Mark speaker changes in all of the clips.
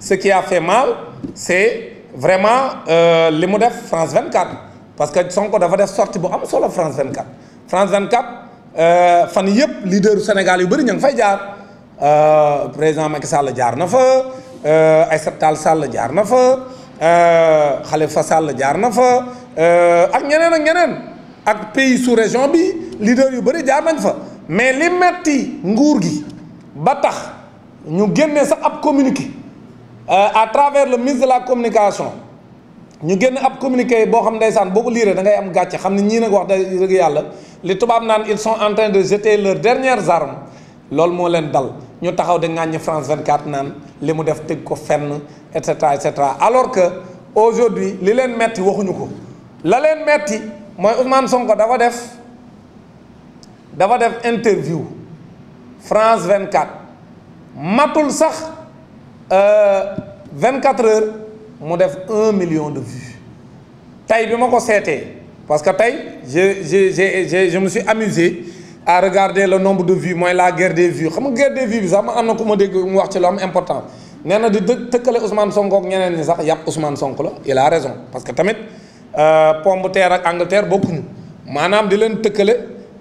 Speaker 1: ce qui a fait mal c'est vraiment euh, li mu def France vingt 24 parce que Sonko dafa def sorti bu am solo France 24 France 24 euh, fan yëpp leader Sénégal yu bëri ñu fay jaar euh, président Macky Sall jaar na fa Aïssata Tall Sall jaar na fa Khalifa Sall jaar na fa ak ñeneen ak ñeneen ak pays sous région bi leader yu bëri jaar nañ fa mais li metti nguur gi ba tax ñu génnee sax ab communiqué. Euh, à travers le ministre de la communication ñu génn ab communiqué boo xam saan boo ko liiree dangay am gàcce xam ne ñii nag wax dëgg yàlla li tubaab naan ils son en train de jeter leurs dernières armes loolu moo leen dal ñu taxaw di ŋàññi France 24 naan li mu def tëgg ko fenn et cetera et alors que aujourd'hui li leen metti waxuñu ko la leen metti mooy Ousmane Sonko dafa def dafa def interview France 24 matul sax. Euh, vingt 24 heures mu def un million de vues tey bi ma ko seetee parce que tey je je je je si suis amusé à regarder le nombre de vues mooy la guerre des vues xam nga guerre des vues bi sax ma am na ku ma dégg mu wax ci lu important nee na di tëkkale Ousmane Sonko ñeneen ñi sax yàpp Ousmane Sonko la il la raison parce que tamit euh, pompe terre ak Angleterre bokkuñu maanaam di leen tëkkale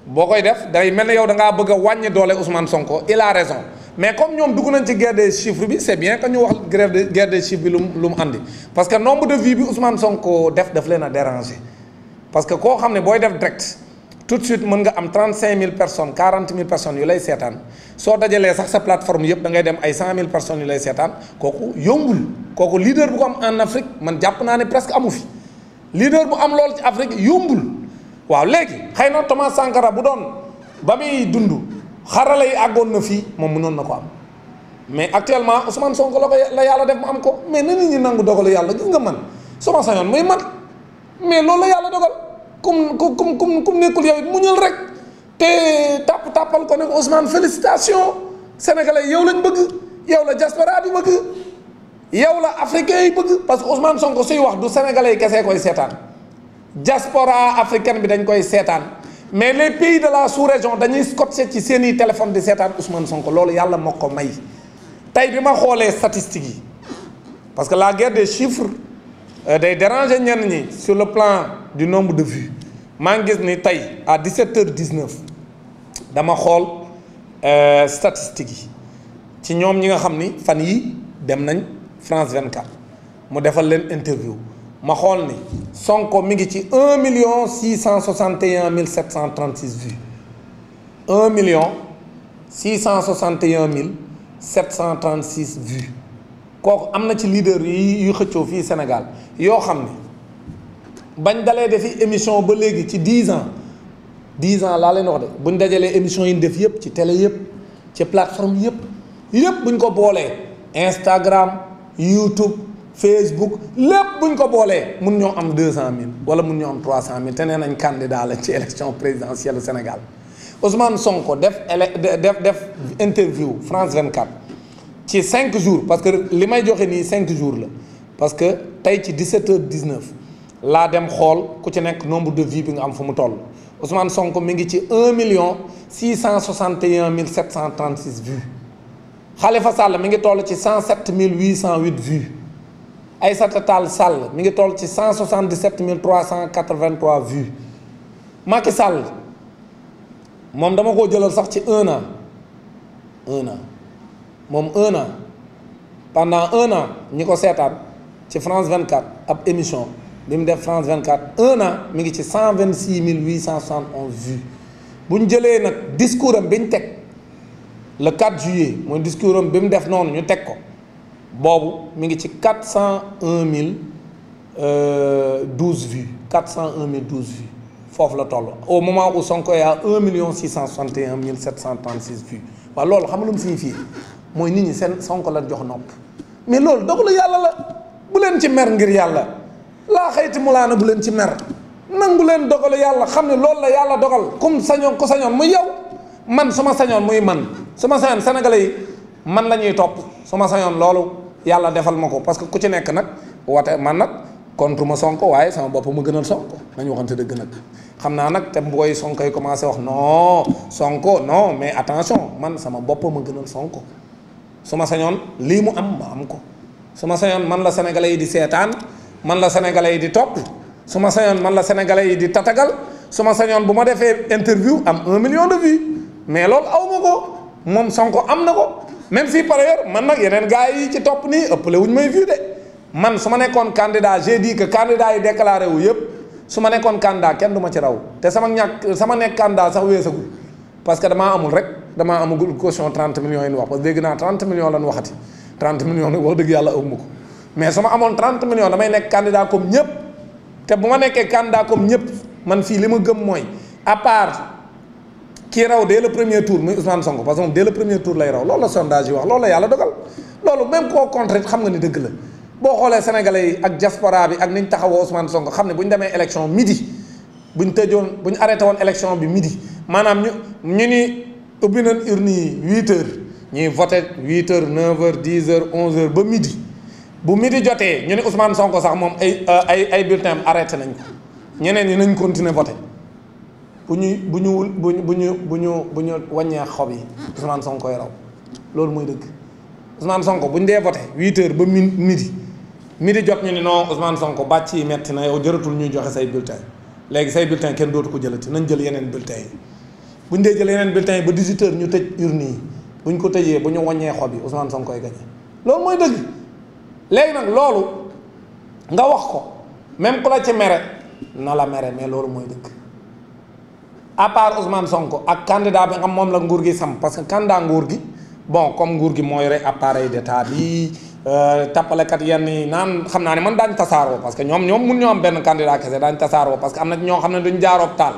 Speaker 1: boo koy def day mel ne yow da ngaa bëgg a wàññi doole Ousmane Sonko il la raison. mais comme ñoom dugg nañ ci guerre des chiffres bi c'est bien que ñu wax grève de guerre des chiffres bi lu mu lu parce que nombre de vues bi Ousmane Sonko def daf leen a déranger parce que koo xam ne booy def direct tout de suite mën nga am personne personnes 40000 personnes yu lay seetaan soo dajalee sax sa plateforme yëpp da ngay dem ay 100000 personnes yu lay seetaan kooku yombul kooku leader bu ko am en Afrique man jàpp naa ne presque amu fi leader bu am loolu ci Afrique yombul waaw léegi xëy na Thomas Sankara bu doon ba muy dund. xarala yi àggoon na fii moom mënoon na ko am mais actuellement Ousmane sonk la ko la yàlla def mu am ko mais na nit ñi nangu dogalu yàlla gis nga man suma sañoon muy man mais loolu la yàlla dogal kum kum kum kum nekkul yow mu muñal rek te tàpp tàppal ko ne ko Ousmane félicitation sénégalais yow lañ bëgg yow la diaspora bi bëgg yow la africain yi bëgg parce que Ousmane Sonko suy wax du sénégalais yi kese koy seetaan diaspora africaine bi dañ koy seetaan. mais les pays de la sous-région dañuy scotché ci seeni i téléphone di seetaan son Sonko loolu yàlla moo ko may tey bi ma xoolee statistiques yi parce que la guerre des chiffres euh, day déranger ñenn ñi sur le plan du nombre de vues maa ngi ni tey à 17h19 dama xool euh, statistiques yi ci ñoom ñi nga xam ni fan yi dem nañ France 24 mu defal leen interview. ma xool ni Sonko mi ngi ci un million six cent soixante et un mille sept cent trente six vues un million six cent soixante et un mille sept cent trente six vues kooku am na ci leader yi yu xëccoo fii Sénégal yoo xam ne bañ dalee defi émission ba léegi ci dix ans dix ans laa leen wax de buñ dajalee émission yi def yëpp ci télé yëpp ci plateforme yëpp yëpp buñ ko boolee Instagram YouTube. Facebook lépp buñ ko boolee mun ñoo am deux cent mille wala mun ñoo am mil cent mille te nee nañ candidat la ci élection présidentielle Sénégal Ousmane Sonko def ele def def interview France 24 ci cinq jours parce que li may joxe nii cinq jours la parce que tey ci 17 dix 19 laa dem xool ku ci nekk nombre de vues bi nga am fu mu toll Ousmane Sonko mi ngi ci un million six cent soixante et un mille sept cent trente six vues Khalifa Sall mi ngi toll ci cent sept mille huit cent huit ay Aïssata Tall Sall mi ngi toll ci 177 383 vues Macky Sall moom dama ko jëlal sax ci un an un an moom un an pendant un an ñi ko seetaan ci France 24 ab émission bi mu def France 24 un an mi ngi ci cent mille 126 871 vues bu ñu jëlee nag discours am bi ñu teg le 4 juillet mooy discours bi mu def noonu ñu teg ko. boobu mi ngi ci quatre cent un mille euh, douze vues quatre cent un mille douze vues foofu la toll au moment où Sonko yaa un million six cent soixante et un mille cent trente six vues waaw loolu xam nga lu mu signifie mooy nit ñi seen Sonko lan jox nopp mais loolu dogalu yàlla la bu leen ci mer ngir yàlla laa xayti mulaana bu leen ci mer nangu leen dogalu yàlla xam ne loolu la yàlla dogal comme sañoon ku sañoon muy yow man su ma sañoon muy man su ma sañoon sénégalais yi man la ñuy topp su ma sañoon loolu yàlla defal ma ko parce que ku ci nekk nag woote man nag contre ma sonko waaye sama bopp ma gënal sonko nañu waxante dëgg nag xam naa nag te mbooy sonko yi commencé wax non sonko non mais attention man sama bopp ma gënal sonko su ma sañoon lii mu am am ko su ma sañoon man la sénégalais yi di seetaan man la sénégalais yi di topp su ma sañoon man la sénégalais yi di tatagal su ma sañoon bu ma defee interview am un million de vues mais loolu aw ma ko moom sonko am na ko même fii par ailleurs man nag yeneen gars yi ci topp nii ëppale wuñ may view de man su ma nekkoon candidat j'ai dit que candidat yi déclaré wu yëpp su ma nekkoon candidat kenn duma ci raw te sama ñàkk sama nekk candidat sax weesagul parce que damaa amul rek damaa amagul caution 30 millions yi ñu wax parce que dégg naa 30 millions la ñu waxati 30 millions nag wax dëgg yàlla ëpp ma ko mais su ma amoon 30 millions damay nekk candidat comme ñëpp te bu ma nekkee candidat comme ñëpp man fii li ma gëm mooy à part. kii raw dès le premier tour muy Ousmane Sonko parce que dès le premier tour lay raw loolu la sondage yi wax loolu la yàlla dogal loolu même koo contre xam nga ni dëgg la boo xoolee sénégalais yi ak diaspora bi ak niñ taxawoo Ousmane Sonko xam ne bu ñu demee élection midi bu ñu tëjoon bu ñu arrêté woon élection bi midi maanaam ñu ñu ni ubbi nañ urne yi huit heures ñuy voté huit heures neuf heures dix heures onze heures ba midi bu midi jotee ñu ne Ousmane Sonko sax moom ay euh, ay ay bulletin arrêté nañ ñeneen ñi nañ continuer voté bu ñuy bu ñu bu ñu bu ñu bu ñu wàññee xob yi mm. Ousmane Sonko koy raw loolu mooy dëgg Ousmane Sonko bu ñu dee voté huit heures ba midi midi jot ñu ni non Ousmane Sonko bàcc yi metti na yow jëratul ñuy joxe say bulletin léegi say bulletin kenn dootu ko jëlati nañ jël yeneen bulletin yi bu ñu dee jël yeneen bulletin yi ba 18 ñu tëj urne nii bu ñu ko tëjee bu ñu wàññee xob yi Ousmane Sonko koy gañe loolu mooy dëgg léegi nag loolu nga wax ko même ku la ci na la mere mais loolu mooy dëgg à part Ousmane Sonko ak candidat bi nga moom la nguur gi sam parce que candidat nguur gi bon comme nguur gi mooy yore appareil d'état bi euh, tappalekat yenn yi naan xam naa ne man daañ tasaaroo parce que ñoom ñoom mun ñoo am benn candidat kese daañ tasaaroo parce que am na ñoo xam ne duñ jaaroog taal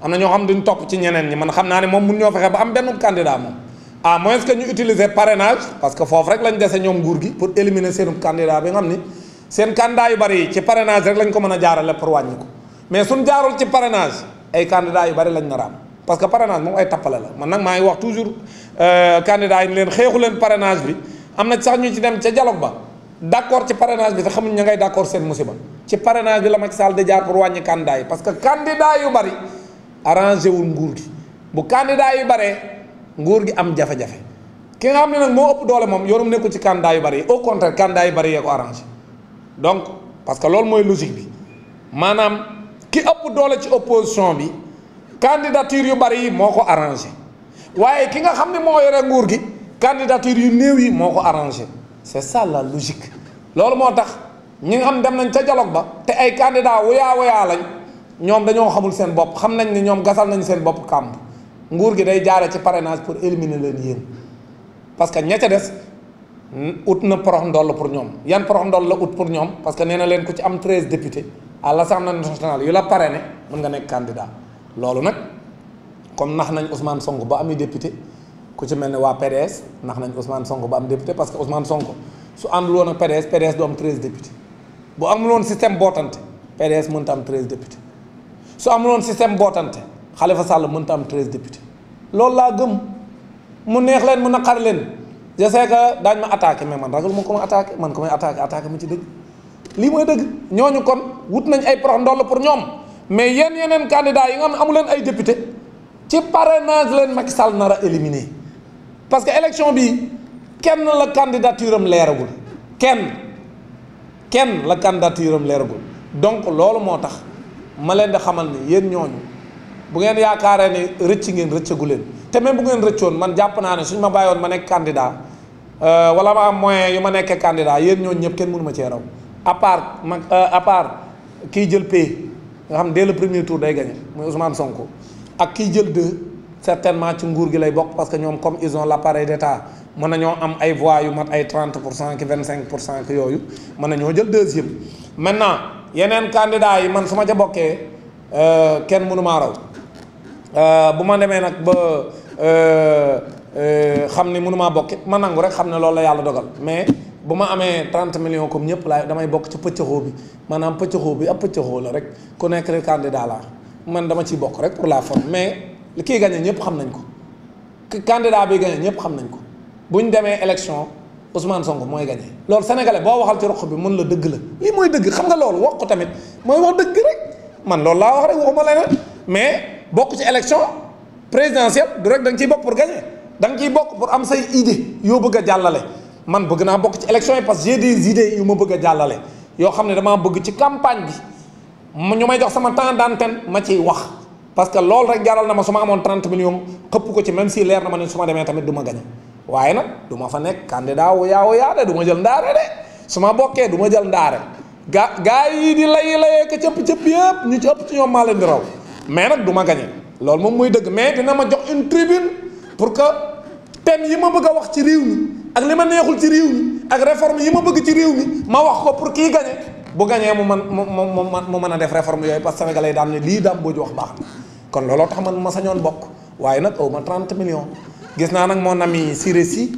Speaker 1: am na ñoo xam duñ topp ci ñeneen ñi man xam naa ne moom mun ñoo fexe ba am benn candidat moom à moins que ñu utiliser parrainage parce que foofu rek lañ dese ñoom nguur gi pour éliminer seen candidat bi nga xam ni seen candidat yu ko mën a jaarale pour wàññi ko mais suñ ay candidats yu bari lañ nar a parce que parrainage moom ay tappale la man nag maa ngi wax toujours euh, candidats yi ni leen xeexu leen parrainage bi am na sax ñu ci dem ca dialogue ba d' accord ci parrainage bi te xamuñ ña ngay d' accord seen musiba ci parrainage bi la Macky Sall di jaar pour wàññi candidats yi parce que candidats yu bari arrangé wul nguur gi bu candidats yu baree nguur gi am jafe-jafe ki nga xam ne nag moo ëpp doole moom yoonum nekku ci candidats yu bari yi au contraire yu bari yee donc parce que loolu mooy logique bi ki ëpp doole ci opposition bi candidature yu bari yi moo ko arrangé waaye ki nga xam ne moo yore nguur gi candidature yu néew yi moo ko arrangé c'est ça la logique loolu moo tax ñi nga xam dem nañ ca dialogue ba te ay candidat wuyaa wuyaa lañ ñoom dañoo xamul seen bopp xam nañ ni ñoom gasal nañ seen bopp kàmb nguur gi day jaare ci parrainage pour éliminer leen yéen parce que ña ca des ut na porox ndoll pour ñoom yan porox ndoll la ut pour ñoom parce que nee na leen ku ci am treize députés à l'Assemblée nationale yu la parrainé mën nga nekk candidat loolu nag comme nax nañ Ousmane Sonko ba ami député ku ci mel ne waa PDS nax nañ Ousmane Sonko ba am député parce que Ousmane sonk su àndul woon ak PDS PDS du am 13 député bu amul woon système bootante PDS mënta am su amul woon système bootante Khalifa Sall mënta am 13 député lool laa gëm mu neex leen mu naqari leen je sais que daañu ma attaqué mais man ragal ma ko ma attaqué man ko may attaqué attaqué ma ci dëgg. lii mooy dëgg ñooñu kon wut nañ ay prox ndoll pour ñoom mais yéen yeneen candidat yi nga xam ne amu leen ay député ci parrainage leen Macky sal nar a éliminé parce que élection bi kenn la candidature am leeragul kenn kenn la candidature am leeragul donc loolu moo tax ma leen di xamal ni yéen ñooñu bu ngeen yaakaaree ni rëcc ngeen rëccagu leen te même bu ngeen rëccoon man jàpp naa ne suñ ma bàyyoon ma nekk candidat euh, wala ma am moyen yu ma nekkee candidat yéen ñooñu ñëpp kenn mënu ma cee raw à part mag euh, à part kii jël P nga xam dès le premier tour day gagné muy Ousmane Sonko ak kii jël deux certainement ci nguur gi lay bokk parce que ñoom comme ison la l' appareil d' état mën nañoo am ay voix yu mat ay 30 pour cent ki 25 pour cent ki yooyu mën nañoo jël deuxième. maintenant yeneen candidats yi man su ma ca bokkee euh, kenn mënu maa raw euh, bu ma demee nag ba xam ni mënu maa bokk ma nangu rek xam ne loolu la yàlla dogal mais. bu ma amee 30 million comme ñëpp laay damay bokk ci pëccëxoo bi maanaam pëccëxoo bi ab pëccëxoo la rek ku nekk rek candidat la man dama ciy bokk rek pour la forme mais kii gagné ñëpp xam nañ ko candidat bi gagné ñëpp xam nañ ko bu ñu demee élection Ousmane Sonko mooy gagné loolu sénégalais boo waxal ci roq bi mën la dëgg la lii mooy dëgg xam nga loolu wax ko tamit mooy wax dëgg rek man loolu laa wax rek waxuma leneen mais bokk ci élection présidentielle du rek ciy bokk pour gagné da ciy bokk pour am say idée yoo bëgg a jàllale. man bëgg naa bokk ci élection yi parce que j'ai des idées ma bëgg a jàllale yoo xam ne damaa bëgg ci campagne bi ñu may jox sama temps d'antenne ma ciy wax parce que loolu rek jaral na ma su ma amoon 30 millions xëpp ko ci même si leer na ma ne su ma demee tamit du ma gañe waaye nag du ma fa nekk candidat wu yaa wu yaa de du ma jël ndaare de su ma bokkee du ma jël ndaare gaa gaa yi di lay layee ko cëpp cëpp yëpp ñu ci ëpp ci ñoom maa leen di raw mais nag du ma gañe loolu moom muy dëgg mais dina ma jox une tribune pour que thème yi ma bëgg a wax ci réew ak li ma neexul ci réew mi ak réforme yi ma bëgg ci réew mi ma wax ko pour kii gañe bu gañee mu man mu man mu mën a def réforme yooyu parce que sénégalais yi daan ne lii daam boo wax baax na kon looloo tax man ma sañoon bokk waaye nag aw ma 30 millions gis naa nag mon ami si Sy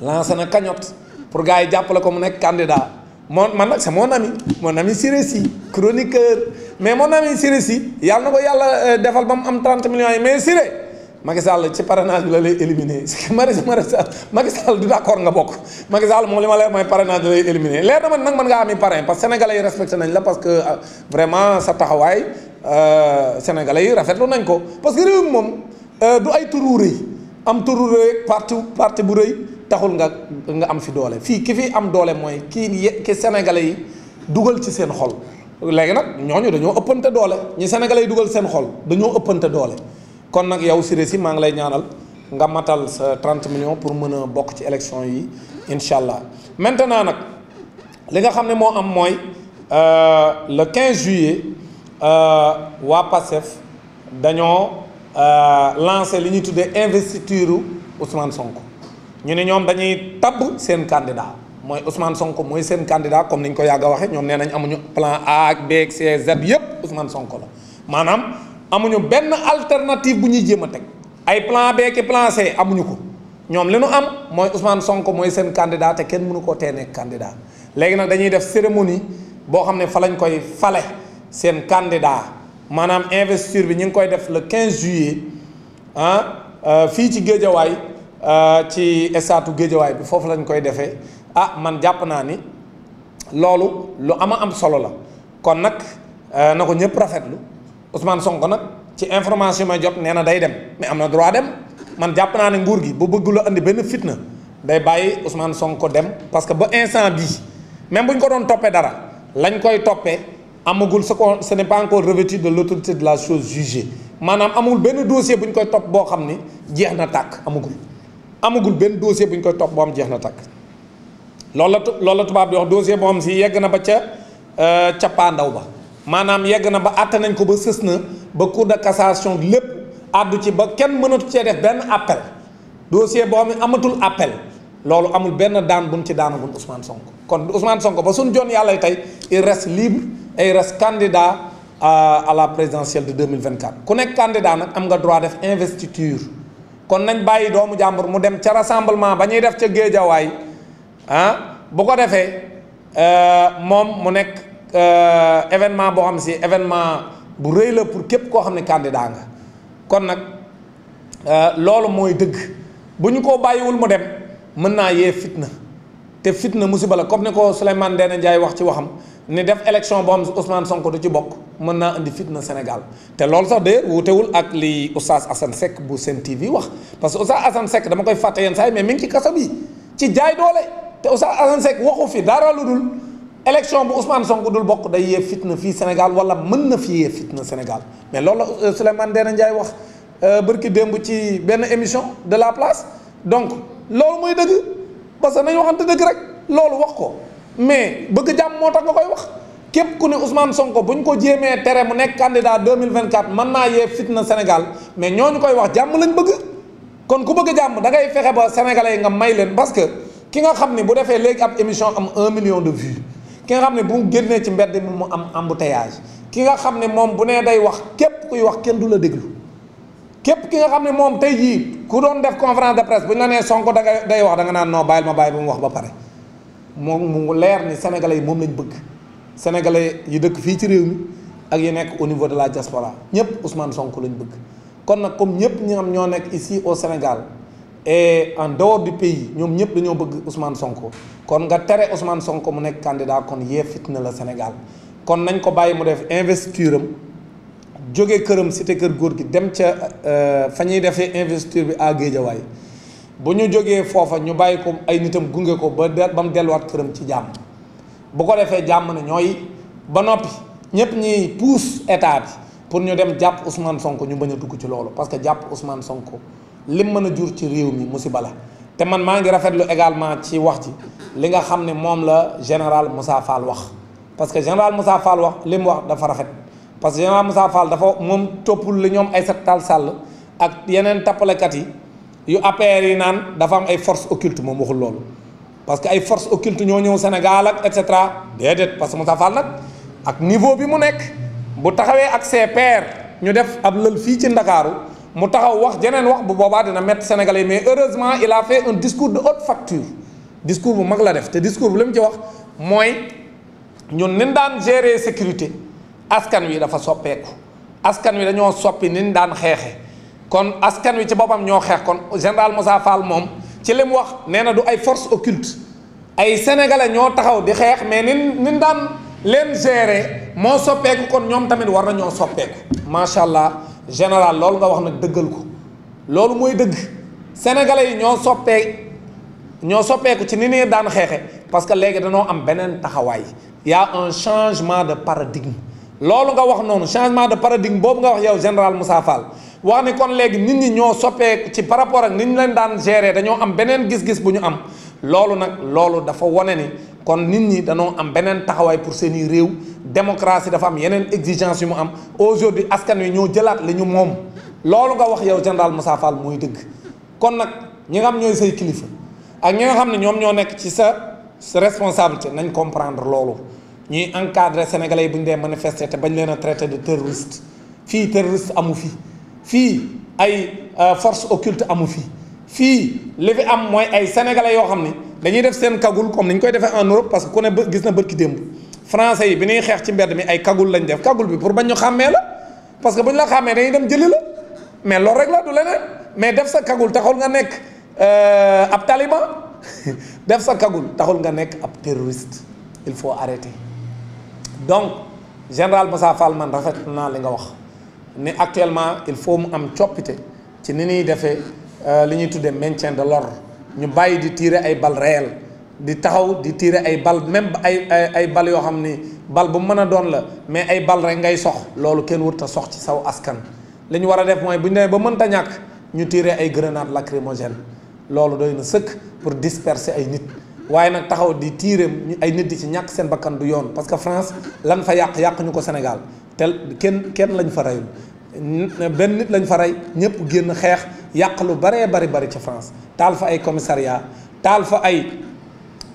Speaker 1: lancé na cagnotte pour gars yi jàppale ko mu nekk candidat moom man nag c'est moo ami mon ami Siré Sy chroniqueur mais mon ami Siré Sy yàlla na ko yàlla euh, defal ba mu am 30 million yi mais Siré Macky Sall ci parrainage bi la lay éliminé Macky Sall Macky Sall du d'accord nga bokk Macky moom li ma leer mooy parrainage bi la lay éliminé leer na man nag mën ngaa ami parrain parce que sénégalais yi respecté nañ la parce que ah, vraiment sa taxawaay euh, sénégalais yi rafetlu nañ ko parce que réew moom euh, du ay turu rëy am turu rëy parti parti bu rëy taxul nga nga am fi doole fii ki fi am doole mooy kii ki sénégalais yi dugal ci seen xol léegi nag ñooñu dañoo ëppante doole ñi sénégalais yi dugal seen xol dañoo ëppante doole kon nag yow si Sy maa ngi lay ñaanal nga matal sa 30 millions pour mën bokk ci élection yi incha allah maintenant nag li nga xam ne moo am mooy euh, le 15 juillet euh, waa PASTEF dañoo euh, lancé li ñuy tuddee investiture Ousmane Sonko ñu ne ñoom dañuy tabb seen candidat mooy Ousmane Sonko mooy seen candidat comme ni ñu ko yàgg a waxee ñoom nee nañ amuñu plan A ak B ak C Z yëpp Ousmane la maanaam. amuñu benn alternative bu ñuy jéem a teg ay plan B ki plan C amuñu ko ñoom li nu am mooy Ousmane Sonko mooy seen candidat te kenn mënu koo teenee nekk candidat léegi nag dañuy def cérémonie boo xam ne fa lañ koy fale seen candidat maanaam investiture bi ñu ngi koy def le 15 juillet ah euh, fii ci géejawaay euh, ci estatu géejawaay bi foofu lañ koy defee ah man jàpp naa ni loolu lu ama am solo la kon nag euh, na ko ñëpp rafetlu Ousmane Sonko nag ci information may jot nee na day dem mais am na droit dem man jàpp naa ne nguur gi bu bëgg la andi benn fitna day bàyyi Ousmane Sonko dem parce que ba instant bi même bu ñu ko doon toppee dara lañ koy toppee amagul ce qu'on ce n'est pas encore revêtu de l'autorité de la chose jugée maanaam amul benn dossier bu ñu koy topp boo xam ni jeex na tàkk amagul amagul benn dossier bu ñu koy topp boo am jeex na tàkk loolu la loolu la tubaab di wax dossier boo xam si yegg na ba ca euh, cappaandaw ba. maanaam yegg na ba àtte nañ ko ba sës na ba cour de cassation lépp àddu ci ba kenn mënatu cee def benn appel dossier boo xam amatul appel loolu amul benn daan buñ ci daanagul Ousmane Sonko kon Ousmane Sonko ba suñ joon yàlla tey il reste libre et il reste candidat à la présidentielle de 2024 ku nekk candidat nag am nga droit def investiture kon nañ bàyyi doomu jàmbur mu dem ca rassemblement ba ñuy def ca géejawaay ah bu ko defee euh, moom mu nekk Euh, événement boo xam si événement bu rëy la pour képp koo xam ne candidat nga kon nag euh, loolu mooy dëgg bu ñu ko bàyyiwul mu dem mën naa yee fitna te fitna musiba la comme ni ko Souleymane Ndéné Ndiaye wax ci waxam ni def élection boo xam si Ousmane Sonko du ci bokk mën naa indi fitna Sénégal te loolu sax de wutewul ak li Oustaz Assane Seck bu Sen TV wax parce que Oustaz Assane dama koy fàtte yenn saa yi mais mi ngi ci kaso bi ci jaay doole te Oustaz Assane Seck waxu dara lu élection bu Ousmane Sonko dul bokk day yee fitna fii Sénégal walla mën na fi yee fitna Sénégal mais loolu euh, Souleymane Ndéné Ndiaye wax euh, bërki démb ci benn émission de la place donc loolu mooy dëgg parce que nañu waxante dëgg rek loolu wax ko mais bëgg moo tax nga koy wax képp ku ne Ousmane Sonko bu ñu ko jéemee tere mu nekk candidat 2024 mën naa yee fitna Sénégal mais ñooñu koy wax jàmm lañ bëgg kon ku bëgg jàmm da ngay fexe ba sénégalais yi nga may leen parce que ki nga xam ni bu defee léegi ab émission am un million de vues ki nga xam ne bu mu génnee ci mbedd mi mu am embouteillage ki nga xam ne moom bu nee day wax képp kuy wax kenn du la déglu képp ki nga xam ne moom tey jii ku doon def conférence de presse bu ñu la nee Sonko da nga day wax da nga naan non bàyyil ma bàyyi ba mu wax ba pare moom mu leer ni sénégalais yi moom lañ bëgg sénégalais yi dëkk fii ci réew mi ak yi nekk au niveau de la diaspora ñëpp Ousmane Sonko lañu bëgg kon nag comme ñëpp ñi ñoo nekk ici au Sénégal et en dehors du pays ñoom ñëpp dañoo bëgg Ousmane Sonko kon nga tere Ousmane Sonko mu nekk candidat kon yee fitna la senegal kon nañ ko bàyyi mu def investiture am jóge këram cité kër góor gi dem ca euh, fa ñuy defee investiture bi à Guédiawaye bu ñu jógee foofa ñu bàyyi ko ay nitam gunge ko ba ba mu delluwaat këram ci jàmm bu ko defee jàmm ne ñooy ba noppi ñëpp ñiy pousse état bi pour ñu dem jàpp Ousmane sonk ñu bañ a dugg ci loolu parce que jàpp Ousmane Sonko. lim mën a jur ci réew mi musiba la te man maa ngi rafet lu également ci wax ci li nga xam ne moom la général Moussa Fall wax parce que général Moussa Fall wax li wax dafa rafet parce que général Moussa Fall dafa moom toppul li ñoom Aïssata Tall Sall ak yeneen tappalekat yi yu APR yi naan dafa am ay force occulte moom waxul loolu parce que ay force occulte ñoo ñëw Sénégal ak et cetera déedéet parce que Moussa Fall nag ak niveau bi mu nekk bu taxawee ak ses ñu def ab lël fii ci Ndakaaru mu taxaw wax jeneen wax bu boobaa dina métti Sénégalais yi mais heureusement il a fait un discours de haute facture discours bu mag la def te discours bu li mu ci wax mooy ñun nin daan gérer sécurité askan wi dafa soppeeku askan wi dañoo soppi nin daan xeexe kon askan wi ci boppam ñoo xeex kon général Moussa Fall moom ci li mu wax nee na du ay force occulte ay sénégalais ñoo taxaw di xeex mais nin nin daan leen gérer moo soppeeku kon ñoom tamit war na ñoo soppeeku macha allah. général loolu nga wax nag dëggal ko loolu mooy dëgg sénégalais yi ñoo soppee ñoo soppeeku ci ni nee daan xeexe parce que léegi danoo am beneen taxawaay y a un changement de paradigme loolu nga wax noonu changement de paradigme boobu nga wax yow général Moussa Fall wax ni kon léegi nit ñi ñoo soppeeku ci par rapport ak ni ñu leen daan gérer dañoo am beneen gis-gis bu ñu am loolu nag loolu dafa wane ni kon nit ñi danoo am beneen taxawaay pour seeni réew démocratie dafa am yeneen exigence yu mu am aujourd'hui askan wi ñoo jëlaat li ñu moom loolu nga wax yow général Moussa Fall mooy dëgg kon nag ñi nga am ñooy say kilifa ak ñi nga xam ne ñoom ñoo nekk ci sa responsabilité nañ comprendre loolu ñuy encadrer sénégalais yi bu ñu dee manifester te bañ leen a traité de terroriste fii terroriste amu fii fii ay euh, force occulte amu fi fii li fi am mooy ay sénégalais yoo xam ne dañuy def seen kagul comme ni ñu koy defee parce que gis na bët ki démb. français yi bi ñuy xeex ci mbedd mi ay kagul lañ def kagul bi pour bañ ñu xàmmee la parce que bu ñu la xàmmee dañuy dem jëli la mais loolu rek la du leneen mais def sa kagul taxul nga nekk euh, ab taliban def sa kagul taxul nga nekk ab terroriste il faut arrêter donc général Moussa Fall man rafet naa li nga wax ni actuellement il faut mu am coppite ci ni ñuy defee euh, li ñuy tuddee maintien de l'ordre ñu bàyyi di tirer ay balles réelles di taxaw di tiire ay bal même ay ay bal yoo xam ni bal bu mën a doon la mais ay bal rek ngay sox loolu kenn wut a sox ci saw askan li war a def mooy bu ñu demee ba mënta ñàkk ñu tiire ay grenade lacrymogène loolu doy na sëkk pour disperser ay nit waaye nag taxaw di tiire ay nit di ci ñàkk seen bakkan du yoon parce que France lan fa yàq yàq ñu ko Sénégal tel kenn kenn lañ fa reyul benn nit lañ fa rey ñëpp génn xeex yàq lu baree bari bari ci France taal fa ay commissariat taal fa ay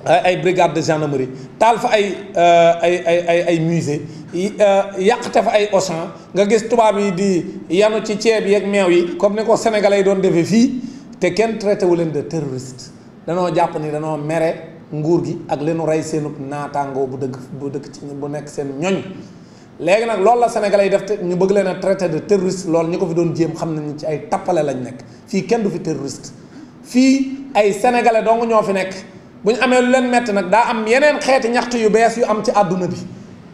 Speaker 1: ay brigade de gendarmerie taal fa ay euh, ay ay ay ay musée euh, yàqte fa ay Auchan nga gis tubaab yi di yanu ci ceeb yeeg meew yi comme ni ko sénégalais yi doon defee fii te kenn traité wu leen de terroriste danoo jàpp ni danoo mere nguur gi ak leenu rey seenu naataangoo bu dëgg bu dëkk ci bu nekk seen ñoñ léegi nag loolu la sénégalais yi def te ñu bëgg leen a traité de terroriste loolu ñi ko fi doon jéem xam nañu ci ay tappale lañ nekk fii kenn du fi terroriste fii ay sénégalais dong ñoo fi nekk bu ñu amee lu leen metti nag daa am yeneen xeeti ñaxtu yu bees yu am ci àdduna bi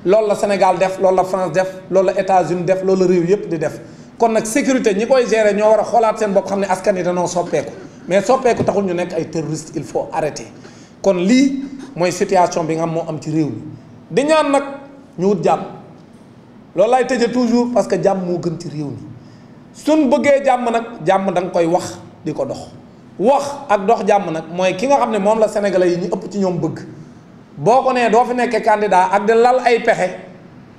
Speaker 1: loolu la Sénégal def loolu la France def loolu la États-Unis def loolu la réew yëpp di def kon nag sécurité ñi koy gérer ñoo war a xoolaat seen bopp xam ne askan yi danoo soppeeku mais soppeeku taxul ñu nekk ay terroristes il faut arrêter kon lii mooy situation bi nga xam moo am ci réew mi di ñaan nag ñu wut jàmm loolu lay tëje toujours parce que jàmm moo gën ci réew mi suñ bëggee jàmm nag jàmm da nga koy wax di ko dox wax ak dox jàmm nag mooy ki nga xam ne moom la sénégalais yi ñu ëpp ci ñoom bëgg boo ko nee doo fi nekk candidat ak di lal ay pexe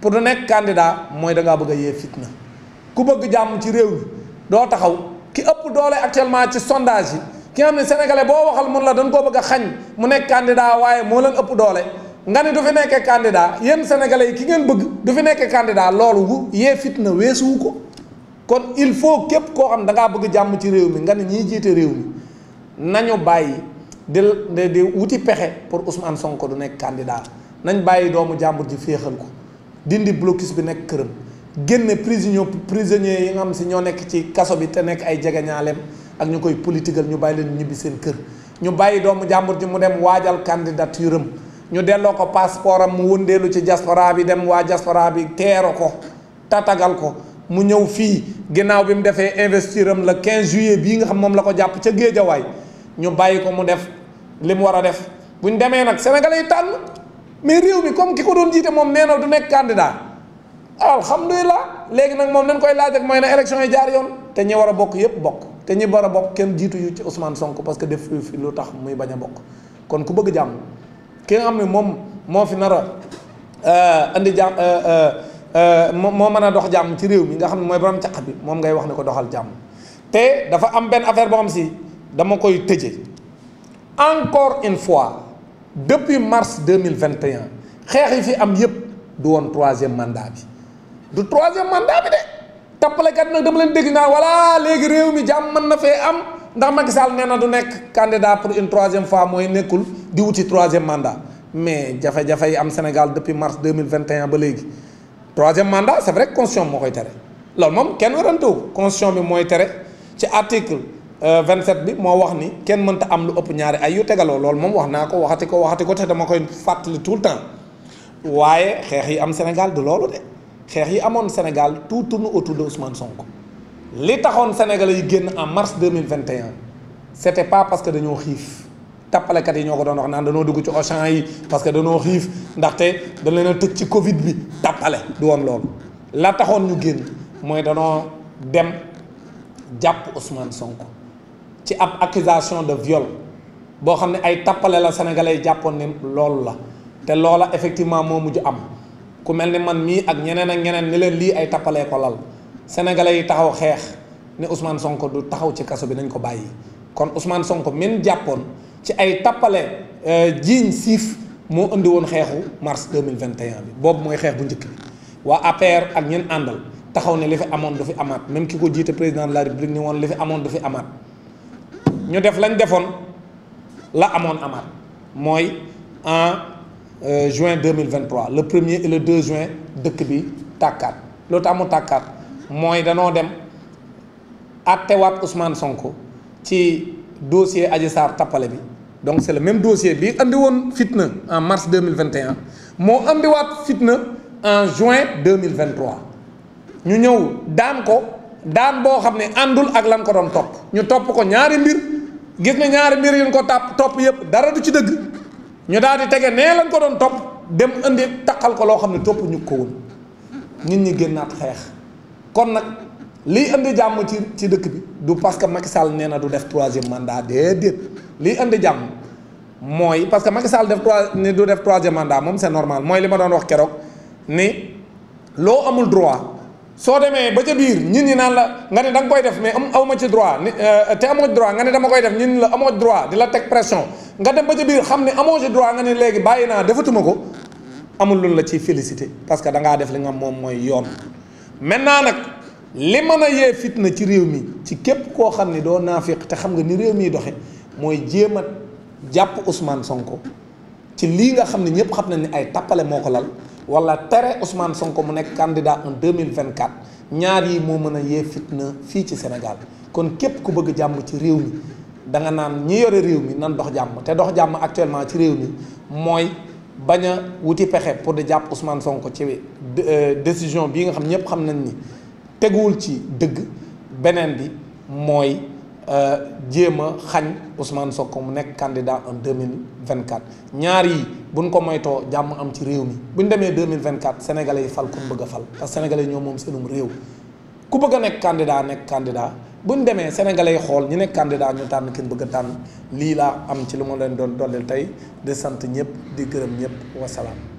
Speaker 1: pour du nekk candidat mooy da ngaa bëgg a yee ku bëgg jàmm ci réew mi doo taxaw ki ëpp doole actuellement ci sondage yi ki nga boo waxal mun la dañ koo bëgg xañ mu nekk candidat waaye moo leen ëpp doole nga ne du fi nekkee candidat yéen sénégalais yi ki ngeen bëgg du fi nekkee candidat loolu wu yee fitna weesuwu ko kon il faut képp koo xam da ngaa bëgg jàmm ci réew mi nga ne ñiy jiite réew mi. nañu bàyyi di di wuti pexe pour Ousmane Sonko du nekk candidat nañ bàyyi doomu jàmbur ji féexal ko dindi blocus bi nekk këram génne prisonnier prisonnier yi nga xam si ñoo nekk ci kaso bi te nekk ay jegeñaaleem ak ñu koy politigal ñu bàyyi leen ñibbi seen kër ñu bàyyi doomu jàmbur ji mu dem waajal candidature am ñu delloo ko passeport am mu wëndeelu ci diaspora bi dem waa diaspora bi teero ko tatagal ko mu ñëw fii ginnaaw bi mu defee investir am la 15 juillet bii nga xam moom la ko jàpp ca géejawaay ñu bàyyi ko mu def li mu war a def bu ñu demee nag sénégalais yi tànn mais réew mi comme ki ko doon jiite moom nee na du nekk candidat ah, alhamdulilah léegi nag moom nañ koy laaj ak mooy na élection yi jaar yoon te ñi war a bokk yépp bokk te ñi war a bokk kenn jiitu ci Ousmane Sonko parce que def fi lu tax muy bañ a bokk kon ku bëgg jàmm ki nga xam ne moom moo fi nara a eh, indi jàmm eh, eh, moo mën a dox jàmm ci réew mi nga xam ne mooy borom caq bi moom ngay wax ne ko doxal jàmm te dafa am benn affaire boo xam si dama koy tëje encore une fois depuis mars deux mille vingt et un xeex yi fi am yëpp du woon troisième mandat bi du troisième mandat bi de tappalekat nag dama leen dégg naa voilà léegi réew mi jàmm mën na fee am ndax Macky Sall nee na du nekk candidat pour une troisième fois mooy nekkul di wuti troisième mandat mais jafe-jafe yi am Sénégal depuis mars deux mille vingt et un ba léegi troisième mandat c'est vrai que constitution moo koy tere loolu moom kenn warantewu constitution bi mooy tere ci article. 27 euh, bi moo wax ni kenn mënta am lu ëpp ñaari ay yu tegaloo loolu moom wax naa ko waxati ko waxati ko te dama koy fàttali tout le temps waaye xeex yi am Sénégal du loolu de xeex yi amoon Sénégal tout tourne autour de Ousmane Sonko li taxoon Sénégalais yi génn en mars 2021 c' était pas parce que dañoo xiif tappalekat yi ñoo ko doon wax naan danoo dugg ci Auchan yi parce que dañoo xiif ndaxte dañ leen a tëj ci Covid bi tappale du woon loolu la taxoon ñu génn mooy danoo dem jàpp Ousmane ci ab accusation de viol boo xam ne ay tappale la sénégalais jàppoon ne loolu la te loola effectivement moo mujj am ku mel ni man mii ak ñeneen ak ñeneen ni leen lii ay tappalee ko lal sénégalais yi taxaw xeex ne Ousmane Sonko du taxaw ci kaso bi nañ ko bàyyi kon Ousmane Sonko min jàppoon ci ay tappale euh, jiiñ siif moo indi woon xeexu mars 2021 bi boobu mooy xeex bu njëkk bi waa APR ak ñeen àndal taxaw ne li fi amoon du fi amaat même ki ko jiite président la république woon li fi amoon du amaat ñu def lañ defoon la amoon amaat mooy en euh, juin 2023 le premier et le 2 juin dëkk bi tàkkaat loolu tax mu tàkkaat mooy danoo dem àttewaat Ousmane Sonko ci dossier Adji Sarr tappale bi donc c'est le même dossier bi andi woon fitna en mars 2021 moo andiwaat fitna en juin 2023 ñu ñëw daan ko daan boo xam ne àndul ak lan ko doon topp ñu topp ko ñaari mbir gis nga ñaari mbir yuñ ko tàpp topp yëpp dara du ci dëgg ñu daal di tege nee lan ko doon topp dem indi taqal ko loo xam ne topp ñu ko woon nit ñi génnaat xeex kon nag liy indi jàmm ci ci dëkk bi du parce que Macky Sall nee na du def troisième mandat déedéet liy indi jàmm mooy parce que Macky Sall def trois ni du def troisième mandat moom c'est normal mooy li ma doon wax keroog ni loo amul droit. soo demee ba ca biir ñin ñi naan la nga ne da koy def mais am aw ma ci droit euh, te amoo droit nga ne dama koy def ñin la amoon droit di la teg pression nga dem ba ca biir xam ne amoo ci droit nga ne léegi bàyyi naa defatuma ko amul lu la ciy félicité parce que da def li nga moom mooy yoon. maintenant nag li mën a yee fitna ci réew mi ci képp koo xam ne doo naafiq te xam nga ni réew miy doxe mooy jéem a jàpp Ousmane Sonko ci lii nga xam ne ñëpp xam nañ ne ay tappale moo ko lal. wala tere Ousmane Sonko mu nekk candidat en 2024 ñaar yi moo mën a yee fitna fii ci Sénégal kon képp ku bëgg jàmm ci réew mi da nga naan ñi yore réew mi nan dox jàmm te dox jàmm actuellement ci réew mi mooy bañ a wuti pexe pour di jàpp Ousmane Sonko ci euh, décision bi nga xam ñëpp xam nañ ni teguwul ci dëgg beneen bi mooy Euh, jéem a xañ Ousmane Sonko mu nekk candidat en deux mille vingt quatre ñaar yi buñ ko moytoo jàmm am ci réew mi bu ñu demee deux mille vingt quatre sénégalais yi fal ku mu bëgg fal parce que ñoo moom seenum réew ku bëgg a nekk candidat nekk candidat bu ñu demee sénégalais yi xool ñu nekk candidat ñu tànn kenn ñu bëgg a tànn lii laa am ci lu ma leen doon dollil tey di sant ñëpp di gërëm ñëpp wasalaam.